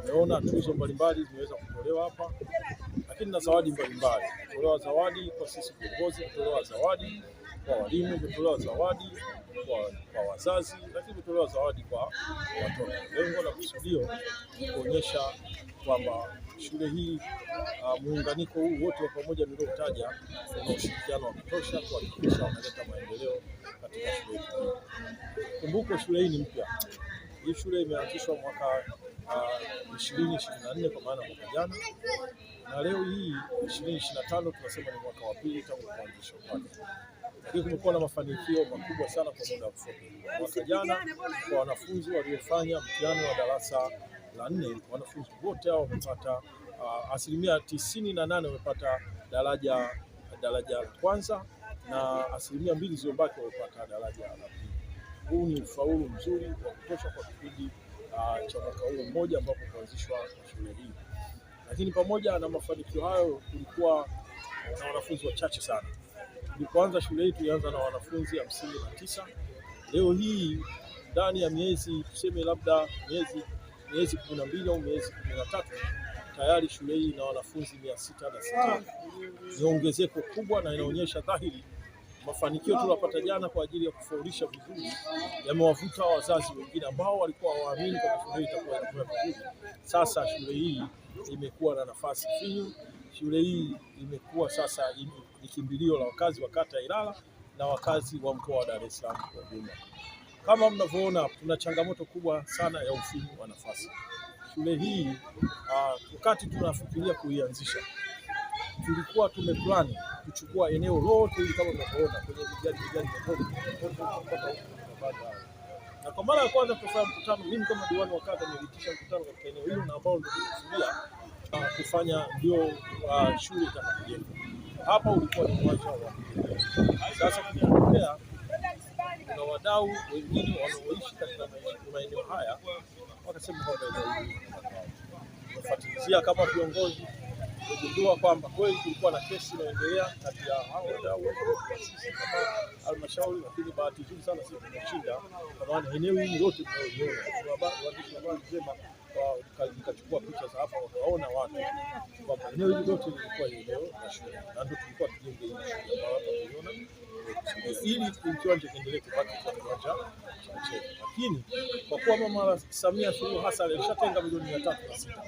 Umeona tuzo mbalimbali zimeweza kutolewa hapa, lakini na zawadi mbalimbali, kutolewa zawadi kwa sisi viongozi, kutolewa zawadi kwa walimu, kutolewa zawadi kwa, kwa wazazi, lakini kutolewa zawadi kwa watoto. Lengo la kusudio kuonyesha kwamba shule hii uh, muunganiko huu wote wa pamoja niliotaja una ushirikiano wa kutosha kuhakikisha wanaleta maendeleo katika shule hii. Kumbuko shule hii ni mpya, hii shule imeanzishwa mwaka ishirini ishirini na nne kwa maana mwaka jana, na leo hii ishirini ishirini na tano tunasema ni mwaka wa pili tangu kuanzishwa kwake, lakini kumekuwa na mafanikio makubwa sana kwa muda mfupi. Mwaka jana kwa wanafunzi waliofanya mtihani wa darasa la nne, wanafunzi wote hao wamepata uh, asilimia tisini na nane wamepata daraja daraja la kwanza na asilimia mbili zilizobaki wamepata daraja la pili. Huu ni ufaulu mzuri wa kutosha kwa kipindi uh, cha mwaka huu mmoja ambapo kuanzishwa shule hii. Lakini pamoja na mafanikio hayo, kulikuwa na wanafunzi wachache sana. Tulipoanza shule hii tulianza na wanafunzi hamsini na tisa. Leo hii ndani ya miezi tuseme labda miezi miezi kumi na mbili au miezi kumi na tatu tayari shule hii ina wanafunzi mia sita na sitini. Ni ongezeko kubwa na inaonyesha dhahiri mafanikio tuliyopata jana kwa ajili ya kufaulisha vizuri yamewavuta wazazi wengine ambao walikuwa hawaamini kwamba shule hii itakuwa inakwenda vizuri. Sasa shule hii imekuwa na nafasi finyu. Shule hii imekuwa sasa ni kimbilio la wakazi wa kata ya Ilala na wakazi wa mkoa wa Dar es Salaam kwa ujumla. Kama mnavyoona, tuna changamoto kubwa sana ya ufinyu wa nafasi. Shule hii ah, wakati tunafikiria kuianzisha tulikuwa tumeplan kuchukua eneo lote hili kama unavyoona kwenye vijani vijani na kwa mara ya kwanza kufanya mkutano, mimi kama diwani wa kata niliitisha mkutano katika eneo hilo na ambao ndio tulikusudia ah, kufanya ndio ah, shule itakapojengwa hapa. Ulikuwa ni uwanja wa sasa, kumetokea na wadau wengine wanaoishi katika maeneo haya wakasema kwamba eneo hili tunafuatilia kama viongozi kugundua kwamba kweli kulikuwa na kesi inaendelea kati ya hao wadau kama halmashauri, lakini bahati nzuri sana sisi tumeshinda, kwa maana eneo hili lote tunaoiona, Waandishi wa habari sema hapa nikachukua picha za hapa, wakaona watu kwa maeneo hili lote lilikuwa ni na shule, na ndio tulikuwa tujenge hii shule ambayo hapa tuliona, ili kiwanja kiendelee kubaki kwa kiwanja cha mchezo. Lakini kwa kuwa Mama Samia Suluhu Hassan alishatenga milioni mia tatu na sita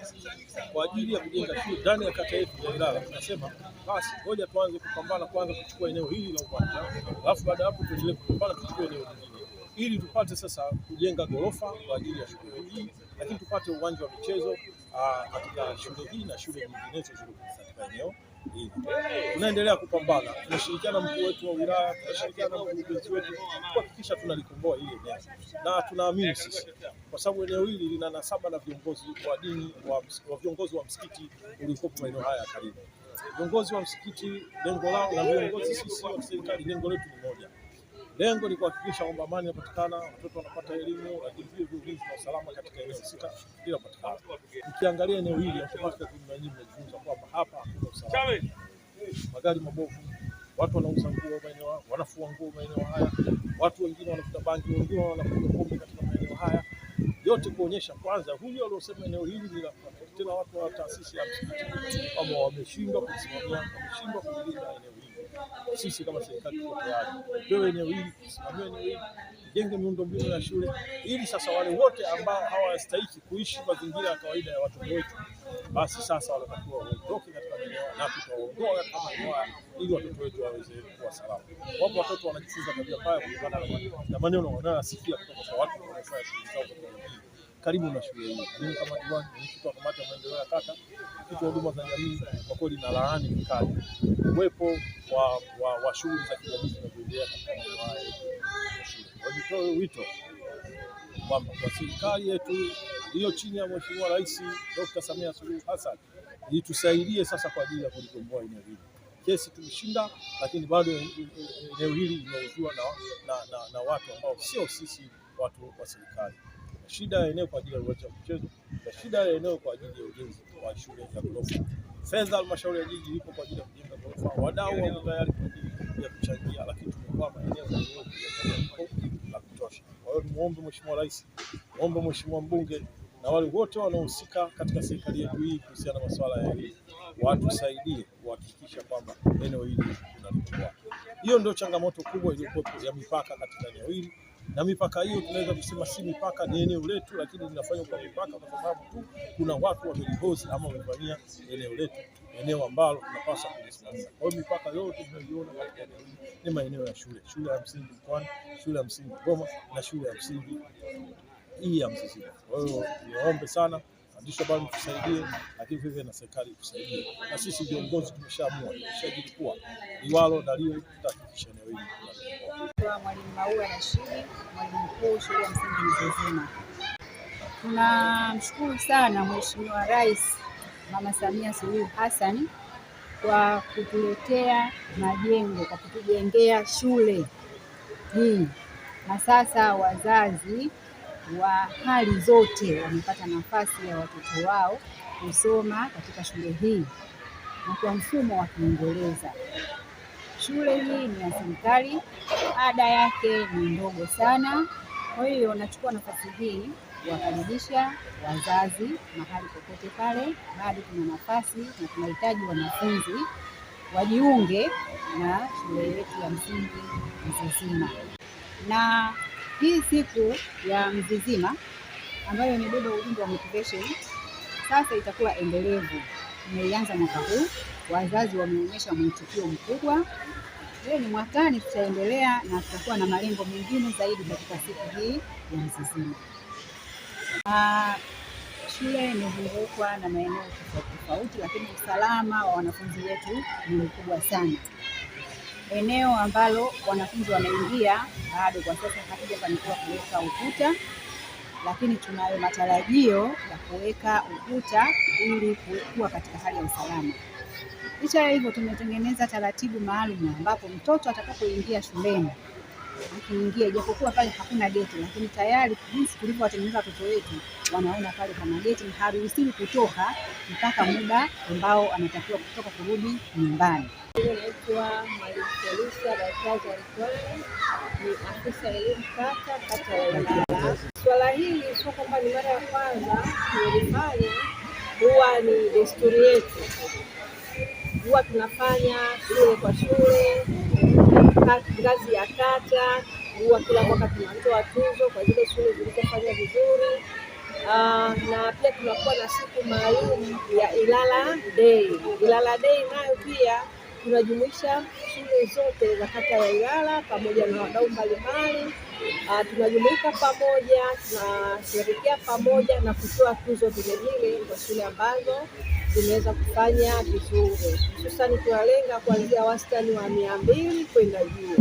kwa ajili ya kujenga shule ndani ya kata yetu ya Ilala, tunasema basi ngoja tuanze kupambana kwanza kuchukua eneo hili la uwanja, alafu baada ya hapo tuendelee kupambana kuchukua eneo lingine ili tupate sasa kujenga ghorofa kwa ajili ya shule hii, lakini tupate uwanja wa michezo ah, katika shule hii na shule nyinginezo katika eneo hili. Tunaendelea kupambana, tunashirikiana mkuu wetu wa wilaya, tunashirikiana mkurugenzi wetu kuhakikisha tunalikomboa hili eneo, na tunaamini sisi, kwa sababu eneo hili lina nasaba na viongozi wa dini wa, wa viongozi wa msikiti uliokuwa maeneo haya karibu. Viongozi wa msikiti lengo lao na viongozi sisi wa serikali, lengo letu ni moja Lengo ni kuhakikisha kwamba amani inapatikana, watoto wanapata elimu, lakini vile ulinzi na usalama katika eneo husika inapatikana. Ukiangalia eneo hili automatika nyinyi mnajifunza kwamba hapa hakuna usalama, magari mabovu, watu wanauza nguo maeneo, haya, wanafua nguo maeneo haya, watu wengine wanavuta bangi, wengine wanakunywa pombe katika maeneo haya yote kuonyesha kwanza huyu aliosema eneo hili ni la tena, watu wa taasisi ya msikiti kama wameshindwa kusimamia, wameshindwa kulinda eneo sisi kama serikali tuko tayari, wewe eneo hili, tusimamie eneo hili, jenge miundo mbinu ya shule, ili sasa wale wote ambao hawastahiki kuishi mazingira ya kawaida ya watoto wetu, basi sasa wanatakiwa waondoke katika maeneo na tutaondoa katika maeneo ili watoto wetu waweze kuwa salama. Wapo watoto wanajifunza tabia mbaya kulingana na maneno wanayosikia kutoka kwa watu wanaofanya shughuli zao karibu na shule hii. Mimi kama diwani, ni kitu kamati ya maendeleo ya kata, kitu huduma za jamii, kwa kweli na laani vikali uwepo wa, wa, wa shughuli za kijamii zinazoendelea katika maeneo haya ya wito kwamba kwa serikali yetu iliyo chini ya Mheshimiwa Rais Dr. Samia Suluhu Hassan itusaidie sasa kwa ajili ya kulikomboa eneo hili. Kesi tumeshinda, lakini bado e, e, e, eneo hili limeuzwa na, na, na, na watu ambao sio sisi watu wa serikali shida ya eneo kwa ajili ya uwanja wa mchezo na shida ya eneo kwa ajili ya ujenzi wa shule ya ghorofa. Fedha halmashauri ya jiji ipo kwa ajili ya kujenga ghorofa, wadau wako tayari kwa ajili ya kuchangia, lakini tumekuwa maeneo la kutosha. Kwa hiyo nimuombe Mheshimiwa Rais, muombe Mheshimiwa Mbunge na wale wote wanaohusika katika serikali yetu hii kuhusiana na masuala ya elimu watusaidie kuhakikisha kwamba eneo hili linalikuwa. Hiyo ndio changamoto kubwa iliyokuwa ya mipaka katika eneo hili na mipaka hiyo tunaweza kusema si mipaka, ni eneo letu, lakini linafanywa kwa mipaka kwa sababu tu kuna watu wamelihozi ama wamevamia eneo letu, eneo ambalo tunapaswa kulisimamia. Kwa hiyo mipaka yote tunayoiona katika eneo hili ni maeneo ya shule, shule ya msingi Mkwani, shule ya msingi Goma na shule ya msingi hii ya Mzizima. Kwa hiyo niwaombe sana andisha bani tusaidie, lakini vivyo na serikali tusaidie, na sisi viongozi tumeshaamua, tumeshajilipua iwalo na liwe, tutahakikisha eneo hili Mwalimu Maua Rashidi, mwalimu mkuu shule ya msingi Mzezima. Tunamshukuru sana Mheshimiwa Rais Mama Samia Suluhu Hassan kwa kutuletea majengo, kwa kutujengea shule hii, na sasa wazazi wa hali zote wamepata nafasi ya watoto wao kusoma katika shule hii na kwa mfumo wa Kiingereza. Shule hii ni ya serikali, ada yake ni ndogo sana. Kwa hiyo nachukua nafasi hii kuwakaribisha wazazi mahali popote pale, bado kuna nafasi na tunahitaji wanafunzi wajiunge na shule yetu ya msingi Mzizima na hii siku ya Mzizima ambayo imebeba ujumbe wa motivation sasa itakuwa endelevu. Imeianza mwaka huu, wazazi wameonyesha mwitikio mkubwa. Leo ni mwakani, tutaendelea na tutakuwa na malengo mengine zaidi katika siku hii ya Mzizima. Ah, shule imezungukwa na maeneo tofauti tofauti, lakini usalama wa wanafunzi wetu ni mkubwa sana eneo ambalo wanafunzi wanaingia bado kwa sasa hatujafanikiwa kuweka ukuta, lakini tunayo matarajio ya kuweka ukuta ili kuwa katika hali ya usalama. Licha ya hivyo, tumetengeneza taratibu maalum ambapo mtoto atakapoingia shuleni akiingia, japokuwa pale hakuna geti, lakini tayari jinsi tulivyowatengeneza watoto wetu wanaona pale kama geti, haruhusiwi kutoka mpaka muda ambao anatakiwa kutoka kurudi nyumbani. Naitwa Mwalimu Felisa ni afisa elimu kata, kata ya Ilala. Swala hili sio kwamba ni mara ya kwanza tulifanya, huwa ni desturi yetu, huwa tunafanya shule kwa shule ngazi ya kata, huwa kila mwaka tunatoa tuzo kwa zile shule zilizofanya vizuri. Uh, na pia tunakuwa na siku maalum ya Ilala Day. Ilala Day nayo pia tunajumuisha shule zote za kata ya Ilala pamoja na wadau mbalimbali uh, tunajumuika pamoja, tunasherekea pamoja na kutoa tuzo vilevile kwa shule ambazo zimeweza kufanya vizuri, hususani tunalenga kuanzia wastani wa mia mbili kwenda juu,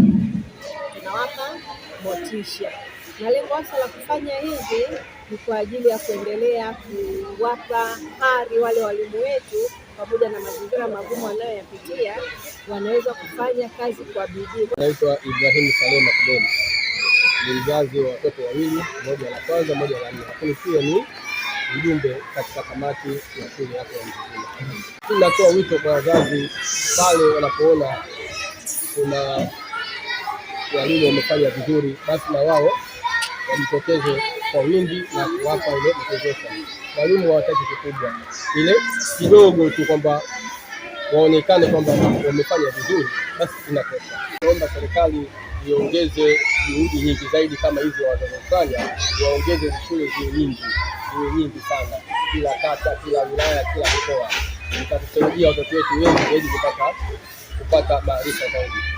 tunawapa motisha na lengo hasa la kufanya hivi ni kwa ajili ya kuendelea kuwapa hari wale walimu wetu, pamoja na mazingira magumu wanayoyapitia, wanaweza kufanya kazi kwa bidii. Naitwa Ibrahim Salema Kidoni ni mzazi wa watoto wawili, moja la kwanza, moja la nne, lakini pia ni mjumbe katika kamati ya shule yako ya Mzizima. Tunatoa wito kwa wazazi pale wanapoona kuna walimu wamefanya vizuri, basi na wao wajitokeze kwa wingi na kuwapa ile kuchezesha. Walimu hawataki kikubwa, ile kidogo tu kwamba waonekane kwamba wamefanya vizuri, basi tunatosha. Naomba serikali iongeze juhudi nyingi zaidi kama hizo wanazofanya, waongeze shule ziwe nyingi, ziwe nyingi sana, kila kata, kila wilaya, kila mkoa, itatusaidia watoto wetu wengi zaidi kupata kupata maarifa zaidi.